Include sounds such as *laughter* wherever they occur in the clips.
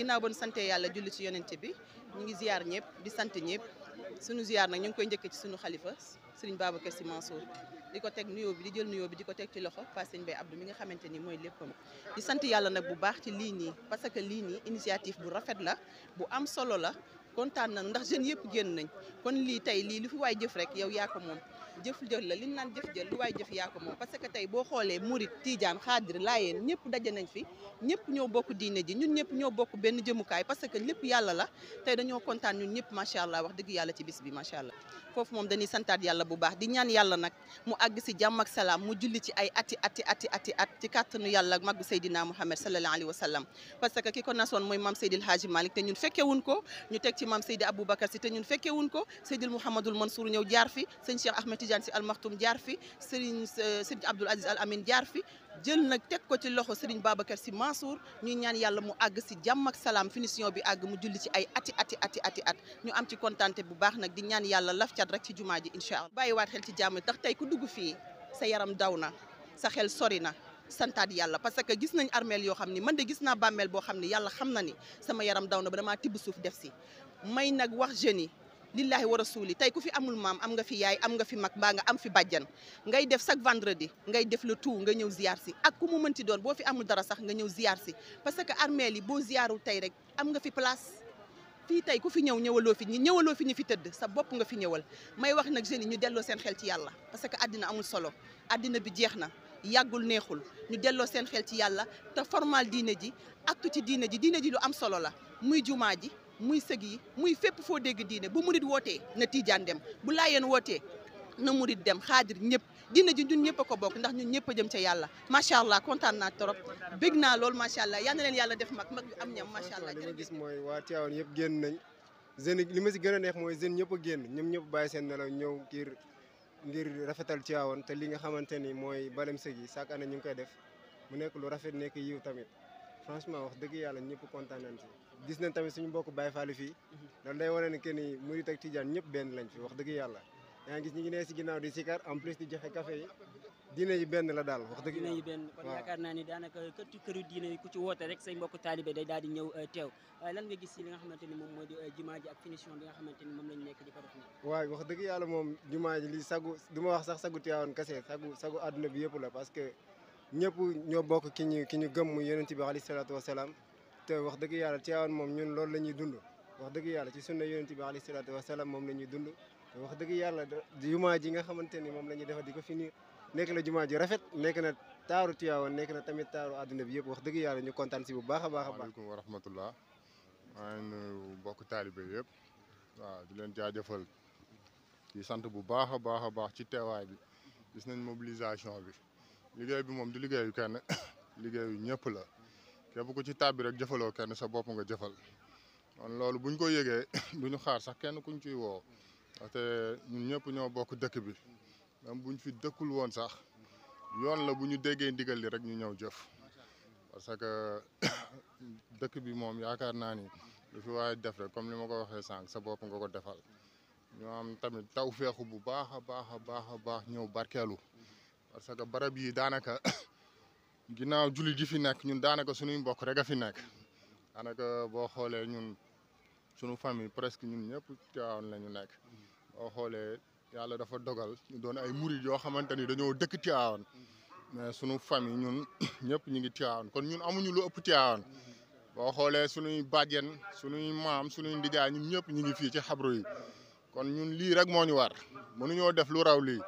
ginaaw ba ñu sante yàlla julli ci yonent bi mu ngi ziar ñëpp di sant ñëpp suñu ziar nag ñu ngi koy njëkk ci suñu xalifa sëriñ Babacar Sy Mansour di ko teg nuyoo bi di jël nuyoo bi di ko teg ci loxo Pa Sëñ Bay Abdou mi nga xamante ni mooy léppam di sant yàlla nag bu baax ci lii nii parce que lii nii initiative bu rafet la bu am solo la kontaan nañu ndax jeunes yëpp génn nañ kon lii tey lii lu fi waaye jëf rek yow yaa ko moom jëf jël la li ñu naan jëf jël lu waay jëf yaa moom parce tey boo xoolee murit tiijaan xaadir laayeen ñëpp daje nañ fi ñëpp ñoo bokk diine ji ñun ñëpp ñoo bokk benn jëmukaay parce que lépp yàlla la tey dañoo kontaan ñun ñëpp macha allah wax dëgg yàlla ci bis bi macha allah foofu moom dañuy santaat yàlla bu baax di ñaan yàlla nag mu àgg si jàmm salaam mu julli ci ay ati ati ati ati at ci kàttanu yàlla ak màggu Seydina Muhammad sallallahu alayhi wa sallam parce que ki ko nasoon mooy ko ñu teg ci maam Seydi Aboubacar si te ñun fekkewun ko Tidiane si almaxtum jaar fi Serigne euh, Serigne Abdoul Aziz Al Amin jaar fi jël nag teg ko ci loxo Serigne Babacar si Mansour ñuy ñaan yàlla mu àgg si jàmm ak salaam finition bi àgg mu julli ci ay ati ati ati at ñu am ci kontante bu baax nag di ñaan yàlla laf cat rek ci jumaa ji incha allah bàyyi waat xel ci jàmm tax tey ku dugg fii sa yaram daw na sa xel sori na santaat yàlla parce que gis nañ armeel yoo xam ni man de gis naa bàmmeel boo xam ne yàlla xam na ni sama yaram daw na ba damaa tibb suuf def si lillahi wa rasuli tey ku fi amul maam am nga fi yaay am nga fi mag baa nga am fi bajjan ngay def chaque vendredi ngay def le tout nga ñëw ziar si ak ku mu mënti doon boo fi amul dara sax nga ñëw ziar si parce que armeel yi boo ziarul tey rek am nga fi place fii tey ku fi ñëw ñëwaloo fi ñi ñëwaloo fi ñu fi tëdd sa bopp nga fi ñëwal may wax nag jeunes ñu delloo seen xel ci yàlla parce que àddina amul solo àddina bi jeex na yàggul neexul ñu delloo seen xel ci yàlla te formal diine ji aktu ci diine ji diine ji lu am solo la muy jumaa ji muy sëg yi muy fépp foo dégg diine bu murit wootee na tiijaan dem bu laayeen wootee na murit dem xaadir ñëpp diine ji ñun ñëpp ko bokk ndax ñun ñëpp a jëm yàlla macha allah kontaan naa trop bégg naa lool macha allah yal leen yàlla def mag mag am ñam macha allah li mooy waa Tivaouane yëpp génn nañ jeune li ma si gën a neex mooy jeune ñëpp génn ñoom ñëpp baay seen nelaw ñëw ngir ngir rafetal Tivaouane te li nga xamante ni mooy balem sëg yi chaque année ñu ngi koy def mu nekk lu rafet nekk yiw tamit franchement wax dëgg yàlla ñëpp kontaan nañ gis nañ tamit suñu mbokk Baye Fall fii mhm. loolu day wane ne que ni murit ak tijaan ñëpp benn lañ fi wax dëgg yàlla yaa ngi gis ñi ngi nee si ginnaaw di sikar en plus di joxe café yi diine yi benn la daal wax dëgg diine yi benn naa ni daanaka kër ci këru diine ku ci woote rek say mbokk taalibe daal di ñëw euh, teew lan nga gis si nga xamante ni moom moo di euh, jumaa ji ak finition bi nga xamante ni moom lañ nekk di ko wax dëgg yàlla moom jumaa ji li sagu du wax sax sagu Tiwaawan kese sagu sagu àdduna bi yëpp la parce que ñëpp ñoo bokk ki ñu ki ñu gëm mu yonent bi alayhi salaatu wasalaam te wax dëgg yàlla Tivaouane moom ñun loolu la ñuy dund wax dëgg yàlla ci sunna yonent bi alayhi salaatu wasalaam moom la ñuy dund te wax dëgg yàlla jumaa ji nga xamante ni moom la ñuy defar di ko finir nekk na jumaa ji rafet nekk na taaru Tivaouane nekk na tamit taaru àdduna bi yëpp wax dëgg yàlla ñu kontaan si bu baax a baax a baax waaleykum wa rahmatullah maa ngi nuyu mbokk taalibe yëpp waaw di leen jaajëfal di sant bu baax a baax a baax ci teewaay bi gis nañ mobilisation bi liggéey bi moom du liggéeyu kenn liggéeyu ñëpp la képp ku ci taab bi rek jëfaloo kenn sa bopp nga jëfal kon loolu buñ ko yëgee *laughs* ñu xaar sax kenn kuñ ciy woo ndaxte ñun ñëpp ñoo bokk dëkk bi même buñ fi dëkkul woon sax yoon la bu ñu déggee ndigal li rek ñu ñëw jëf parce que *coughs* dëkk bi moom yaakaar naa ni lu fi waaye def rek comme li ma ko waxee sànq sa bopp nga ko defal ñu am tamit taw feexu bu baax a baax a baax a baax ñëw barkeelu parce que barab yi daanaka *coughs* ginnaaw jullit ji fi nekk ñun daanaka suñuy mbokk rek a fi nekk daanaka boo xoolee ñun suñu famille presque ñun ñëpp Tivaouane lañu nekk boo xoolee yàlla dafa dogal ñu doon ay murid yoo xamante ni dañoo dëkk Tivaouane mais suñu famille ñun *coughs* ñëpp ñu ngi Tivaouane kon ñun amuñu lu ëpp Tivaouane boo xoolee suñuy bàjjen suñuy maam suñuy ndijaay ñun ñëpp ñu ngi fii ci xabru yi kon ñun lii rek moo ñu war mënuñoo def lu raw lii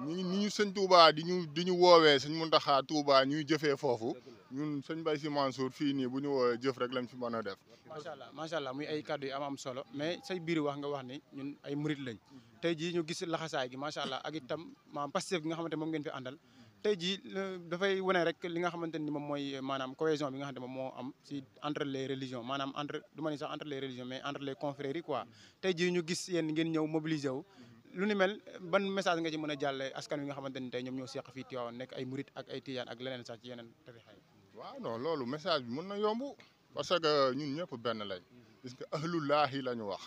ñi ni ñu sëñ Touba di ñu di ñu woowee sëñ Muntaxa Touba ñuy jëfee foofu ñun sëñ Bay Si Mansour fii nii bu ñu woowee jëf rek lañ fi mën a def. macha macha allah ay kàddu yu am am mais say biir wax nga wax ni ñun ay murit lañ tey jii ñu gis laxasaay gi macha allah ak itam maam Pastef gi nga xamante moom ngeen fi àndal. tey ji euh, dafay wane rek li nga xamante ni moom mooy euh, maanaam cohésion bi nga xamante moom moo am si entre les religions maanaam entre du ma ni sax entre les religions mais jii ñu gis yéen ngeen ñëw mobiliser wu. lu ni mel ban message nga ci mën a jàlle askan wi nga xamante ni tey ñoom ñoo seq fii Tivaouane nekk ay murit ak ay tijaan ak leneen sax yeneen tarixa yi waaw non loolu message mën na yomb parce que ñun ñëpp benn lañ gis nga ahlulaahi la ñu wax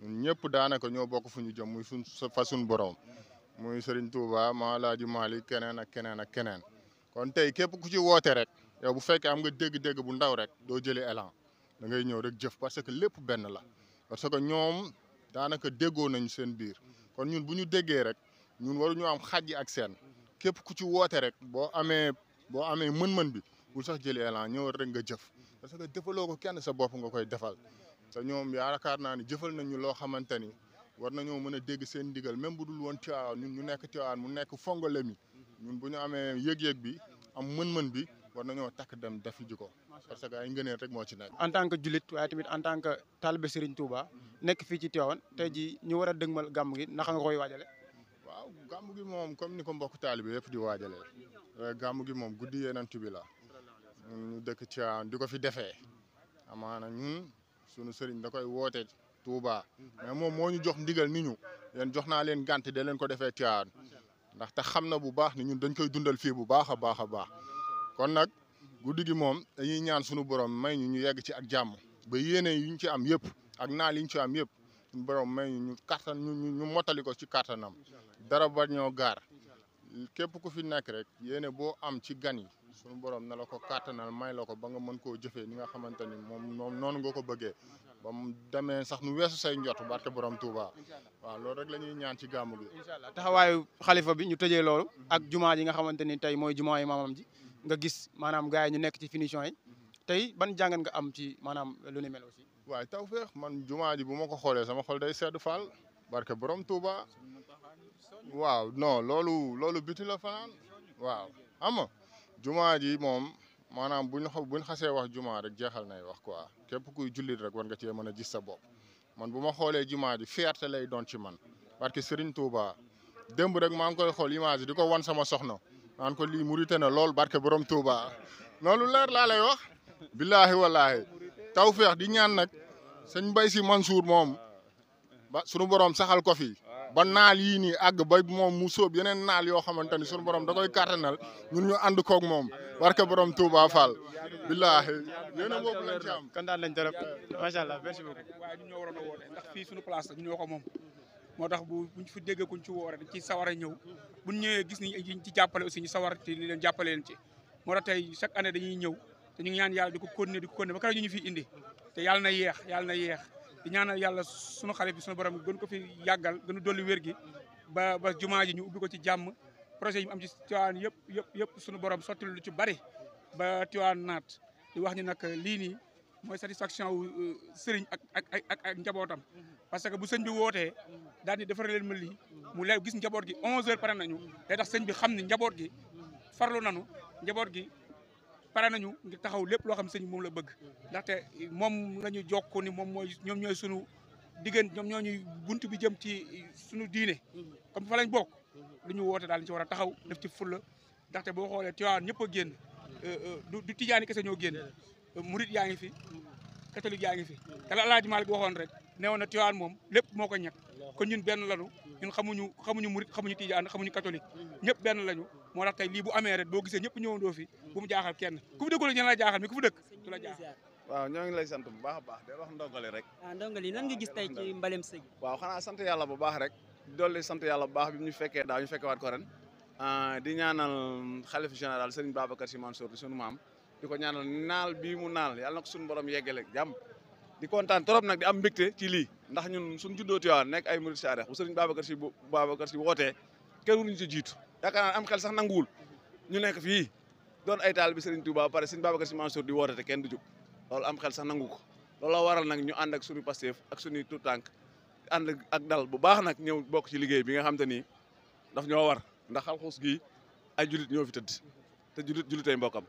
ñëpp daanaka ñoo bokk fu ñu jëm muy suñ fa suñ borom muy Serigne Touba Maalaaji Maalik keneen ak keneen ak keneen kon tey képp ku ci woote rek yow bu fekkee am nga dégg-dégg bu ndaw rek doo jëlee élan da ngay ñëw rek jëf parce que lépp benn la parce que ñoom daanaka déggoo nañ seen biir kon ñun bu ñu déggee rek ñun ñu am xàjji ak seen képp ku ci woote rek boo amee boo amee mën-mën bi bul sax jël élan ñëw rek nga jëf parce que jëfaloo ko kenn sa bopp nga koy defal te ñoom yaakaar naa ni jëfal ñu loo xamante ni war nañoo mën a dégg seen ndigal même bu dul woon Tivaouane ñun ñu nekk Tivaouane mu nekk fongole mi ñun bu ñu amee yëg-yëg bi am mën-mën bi war nañoo takk dem defi ji ko parce que ay ngëneel rek moo ci nekk. en tant que julit waaye tamit en tant que taalibe Serigne Touba. nekk fii ci Tivaouane mm-hmm. tey jii ñu war a dëgmal gàmm gi naka nga koy waajale waaw gàmm gi moom comme ni ko mbokk taalibe yëpp di waajale gàmm gi moom guddi yonent bi la ñu dëkk Tivaouane di ko fi defee amaana ñun sunu sëriñ da koy woote Touba mais moom moo ñu jox ndigal ni ñu yéen jox naa leen gant de leen ko defee Tivaouane ndaxte xam na bu baax ni ñun dañ koy dundal fii bu baax a baax a baax kon nag guddi gi moom dañuy ñaan sunu borom may ñu ñu yegg ci ak jàmm ba yeneen yu ñu ci am yëpp ak naa ñu ci am yëpp borom may ñu kattan ñu ñu motali ko ci kattanam dara ba ñoo gaar képp ku fi nekk rek yéene boo am ci gan yi suñu borom na ko kattanal may la ko ba nga mën koo jëfee ni nga xamante ni moom moom noonu nga ko bëggee ba mu demee sax nu weesu say njot barke borom Touba waaw loolu rek la ñuy ñaan ci gàmmu bi incha allah taxawaayu xalifa bi ñu tëjee loolu ak jumaa ji nga xamante ni tey mooy jumaa yi maamam ji nga gis maanaam gars yi ñu nekk ci finition yi tey ban jàngat nga am ci maanaam lu ni mel waaye tawféex man jumaa ji bu ma ko xoolee sama xol day sedd Fall barke borom Touba waaw no loolu loolu biti la fanaan waaw xam nga jumaa ji moom maanaam buñ buñ xasee wax jumaa rek jeexal nay wax quoi képp kuy jullit rek war nga cee mën a gis sa bopp man bu ma xoolee jumaa ji fierté lay doon ci man barke Serigne Touba démb rek maa ngi koy xool image di ko wan sama soxna naan ko lii murite na lool barke borom Touba loolu leer laa lay wax billaahi wallaahi taw tawféex di ñaan nag sëñ Mbaye Sy Mansour moom ba sunu borom saxal ko fi ba naal yii nii àgg ba moom mu sóob yeneen naal yoo xamante ni sunu borom da koy kàttanal ñun ñu ànd koog moom barke borom Touba Fall. billaahi yéen a boobu lañ ci am lañ trop macha allah merci a woote ndax fii sunu place la ñoo ko moom. moo tax bu fu fi dégg kuñ ci woore dañ ci sawar a ñëw buñ ñëwee gis ni ñu ci jàppale aussi ñu sawar ci li leen ci moo tax tey chaque année dañuy ñëw. te ñu ngi ñaan yàlla di ko continuer di ko continuer ba keroog ñu ñu fi indi te yàlla na yeex yàlla na yeex di ñaanal yàlla sunu xale bi sunu borom gën ko fi yàggal gën a dolli wér gi ba ba jumaa ji ñu ubbi ko ci jàmm projet yi am ci Tivaouane yëpp yëpp yëpp sunu borom sotti lu ci bari ba Tivaouane naat di wax ni nag lii nii mooy satisfaction wu euh, sëriñ ak ak ak ak njabootam parce que bu sëñ bi wootee daal di defar leen ma lii mu lay gis njaboot gi 11 heures pare nañu day tax sëñ bi xam ni njaboot gi farlu nañu pare nañu ngir taxaw lépp loo xam sëñ moom la bëgg ndaxte moom la ñu ni moom mooy ñoom ñooy sunu diggante ñoom ñoo ñuy bunt bi jëm ci sunu diine comme fa lañ bokk lu ñu wootee daal ñu ci war a taxaw def ci fulla ndaxte boo xoolee Tiwaawan ñëpp a génn euh, euh, du tijaani kese ñoo génn murit yaa ngi fi catholique yaa ngi fi te laaj Alaaji Maalik waxoon rek neewoon na Tiwaawan moom lépp moo ko ñett kon ñun benn lañu ñun xamuñu xamuñu murit xamuñu tiijaan xamuñu catholique ñëpp benn lañu moo tax tey lii bu amee rek boo gisee ñëpp ñëwandoo fi bu mu jaaxal kenn ku fi dëkkul ku fi dëkk du ngi lay sant bu baax a baax de wax ndongali rek waaw ah, ndongali nan nga gis tey ci mbalem sëñ waaw xanaa sant yàlla bu baax rek dolli sant yàlla bu baax bi ñu fekkee daaw ñu fekkewaat ko ren ah, di ñaanal xalif général Serigne Babacar Sy Mansour di sunu maam diko ñaanal naal bi mu naal yalla nak suñu borom yeggel ak jam di contane torop nak di am mbikté ci li ndax ñun suñu juddoo Tiwaawan nek ay mouride saare bu serigne Babacar ci bu Babacar ci woté kenn wuñu ci jitu yakana am xel sax nangul ñu nek fi doon ay talib serigne Touba paré serigne sëriñ Babacar Si Mansour di woté te kenn du jóg loolu am xel sax nanguko ko looloo waral nak ñu and ak suñu passef ak suñu tout tànk ànd ak dal bu baax nak ñew bok ci liggéey bi nga xamanteni daf ñoo war ndax alxuus gi ay julit ñoo fi tedd te julit julitay mbokam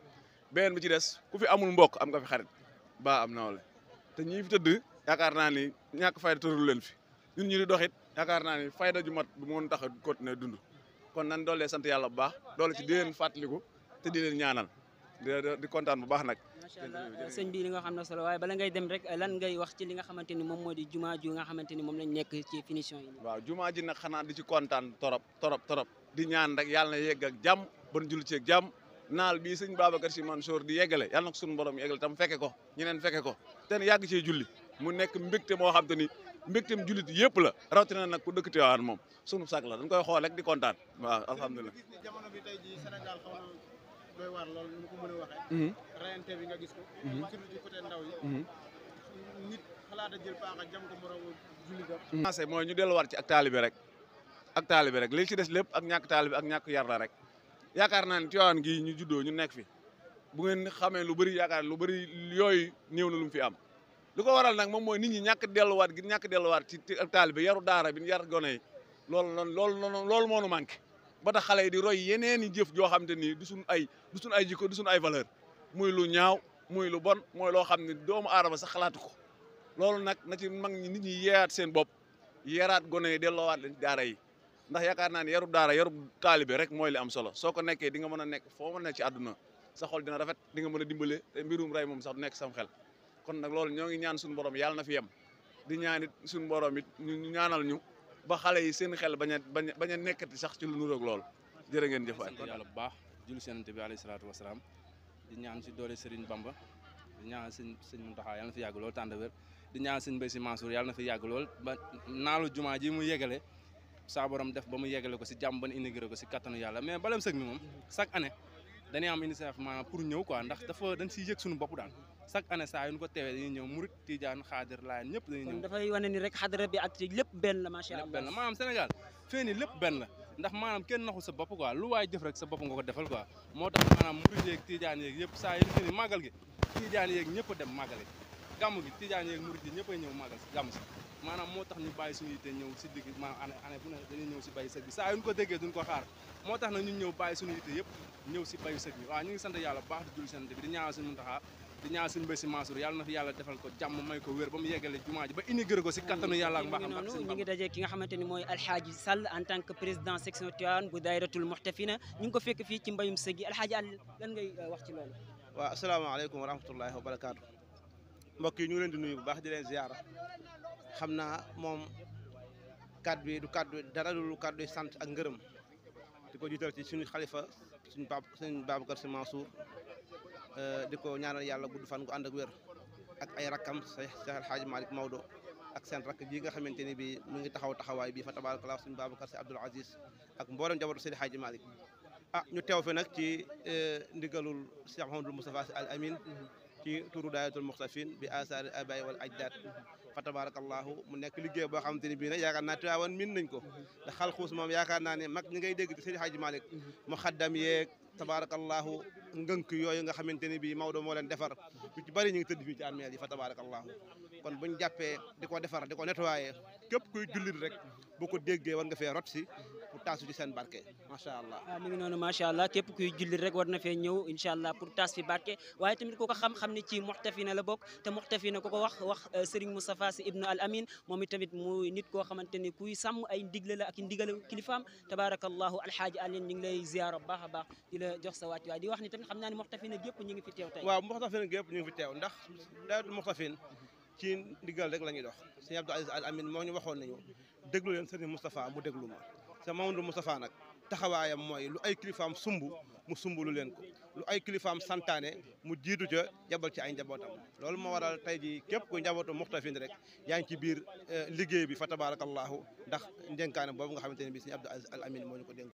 beneen bu ci dess ku fi amul mbokk am nga fi xarit ba am nawle te ñi fi tëdd yaakaar na ni ñak fayda tëral leen fi ñun ñi di doxit yaakaar na ni fayda ju mat bu moon tax ko continuer dund kon nan dole sante yalla bu baax dole ci di leen fàttaliku te di leen ñaanal di contane bu baax nak señ bi li nga xamna solo way bala ngay dem rek lan ngay wax ci li nga xamanteni mom modi juma di ju nga xamanteni mom moom lañ nekk ci finition yi. waaw juma ji nak xana di ci contane torop torop torop di ñaan rek yalla na yegg ak jam bon jull ci ak jam naal bii sëñ Babacar Sy Mansour di yeggale yàlla na ko suñu borom yeggale tam fekke ko ñeneen fekke ko te yàgg cee julli mu nekk mbégte moo xam te ni mbégteem jullit yëpp la rawatina nag ku dëkk waan moom sunu sag la dañ koy xool rek di kontaan waaw alhamdulilah. na doy mhm. mhm. mhm. mooy ñu delluwaat ci ak taalibe rek ak taalibe rek li ci des lépp ak ñàkk taalibe ak ñàkk yar rek. yaakaar naa ne Tivaouane gii ñu juddoo ñu nekk fi bu ngeen xamee lu bëri yaakaar lu bari yooyu néew na lu fi am lu ko waral nag moom mooy nit ñi ñàkk delluwaat gi ñàkk delluwaat ci taalibe bi yaru daara bi yar gone yi loolu loolu loolu loolu moo nu manqué ba tax xale yi di roy yeneen i jëf joo xam te ni du suñ ay du suñ ay jikko du suñ ay valeur muy lu ñaaw muy lu bon mooy loo xam ne doomu aadama sax xalaatu ko loolu nag na ci mag ñi nit ñi yeeyaat seen bopp yeeraat gone yi delloowaat leen daara yi ndax yakarna ni yarub daara yarub talibé rek moy li am solo soko nekké di nga mëna nekk foo ci aduna sa xol dina rafet di nga mëna dimbalé té mbirum ray mom sax du nekk sam xel kon nak loolu ñoo ngi ñaan suñu borom yalla na fi yam di ñaan nit suñu borom nit ñu ñaanal ñu ba xalé yi seen xel baña baña bañ nekkati sax ci lu ak loolu jere ngeen jëf waay yalla bu baax jul seenante bi alayhi salatu wassalam di ñaan si doole Serigne Bamba di ñaan sëñ sëñ muntaha yalla na fi yag lool tande wër di ñaan sëñ Mbaye Mansour yalla na fi yag lool ba naalu ji mu saa borom def ba yeggal ko ci jàmm ba inauguré ko ci katanu yalla mais balam Sëg mi mom sak ane dañi am initiative ma pour ñew quoi ndax dafa dañ ci yegg suñu bop daan sak ane sa yu ko tewé dañi ñew mourid tidiane khadir lay ñep dañi ñew dafa wane ni rek xadara bi ak lepp ben la macha allah lépp benn la maanaam Sénégal fii nii lépp la ndax manam kenn naxu sa bop quoi lu way def rek sa bop nga ko defal quoi motax manam mourid murit tidiane tijaan yep sa yu ñu ni magal gi tidiane yeeg ñep dem magal gi gàmm gi tijaan yeeg murid yi ñëpp si digg maanaam année année bu ne si bayu ko xaar moo tax nag ñu ñëw bàyyi suñuy te yëpp ñëw si bayu sëg bi waaw ñu ngi sant yàlla baax di julli sant bi di ñaanal suñu Muntaxa di ñaanal Si Mansour yàlla na defal ko jàmm may ko wér ba mu yeggale jumaa ji ba intégré ko si kattanu yàlla nga xamante ni mooy Alxaaji Sall président section Tivaouane bu daayiratul Muxtafina ñu ko fekk fii ci mbayum sëg yi Alxaaji lan ngay euh, mbokk yi ñu ngi leen di nuyu bu baax di leen xam naa moom kàddu yi du kàddu dara lu kàddu yi sant ak ngërëm di ko jiital ci suñu xalifa suñu baab suñu Babacar Sy Mansour euh, di ko ñaanal yàlla gudd fan gu ànd ak wér ak ay rakkam Cheikh El Hadj Malick Maodo ak seen rakk ji nga xamante ni bii mu ngi taxaw taxawaay bi fa tabarakallah suñu Babacar Sy Abdoul Aziz ak mboolem njabootu Seydi Hadj Malick ah ñu teew fi nag ci euh, ndigalul Cheikh Mouhamadou Moustapha Sy Al Amin ci turu dayatul muxtafin bi asar al abay wal ajdad fa tabarakallahu mu nek liggéey bo xamanteni bi na nag na naa min nagn ko da xal xuus mom yaakaar na ne mak ñi ngay deg ci Seydi Hadji malik mu xaddam yeeg tabarakallahu ngeunk yoy nga xamanteni bi mawdo mo len defar ci bari ñi ngi teud fi ci amel yi fa tabarakallahu kon buñu jappé diko defar diko nettoyer kep képp kuy jullit rek bu ko deggé war nga fe rot ci pour taasu ci seen barke macha allah waaw mi ngi noonu macha allah képp kuy jullit rek war na fee ñëw incha allah pour taas fi barke waaye tamit ku ko xam-xam ne ci muxtafina la bokk te muxtafina ku ko wax wax Serigne Moustapha Sy ibnu al amin moom i tamit mu nit koo xamante ni kuy sàmm ay ndigle la ak ndigale kilifaam tabarakallahu alhaaji alin ñu ngi lay ziyaara bu baax a baax di la jox sa wàcc waaye di wax ni tamit xam naa ne muxtafina gépp ñu ngi fi teew tey waaw muxtafina gépp ñu ngi fi teew ndax daal muxtafin ci ndigal rek la ñuy dox Serigne Abdou Aziz al amin moo ñu waxoon nañu déglu leen Serigne Moustapha mu déglu ma sa Mamadou Moustapha nag taxawaayam mooy lu ay kilifaam sumb mu sumbulu leen ko lu ay kilifaam santaane mu jiitu ca jabal ci ay njabootam loolu moo waral tey jii képp ku njabootu muxtafin rek yaa ngi ci biir eh, liggéey bi fa tabarakallahu ndax ndenkaane boobu nga xamante ne bi Sëriñ Abdou Aziz Al Amin moo ñu ko dénk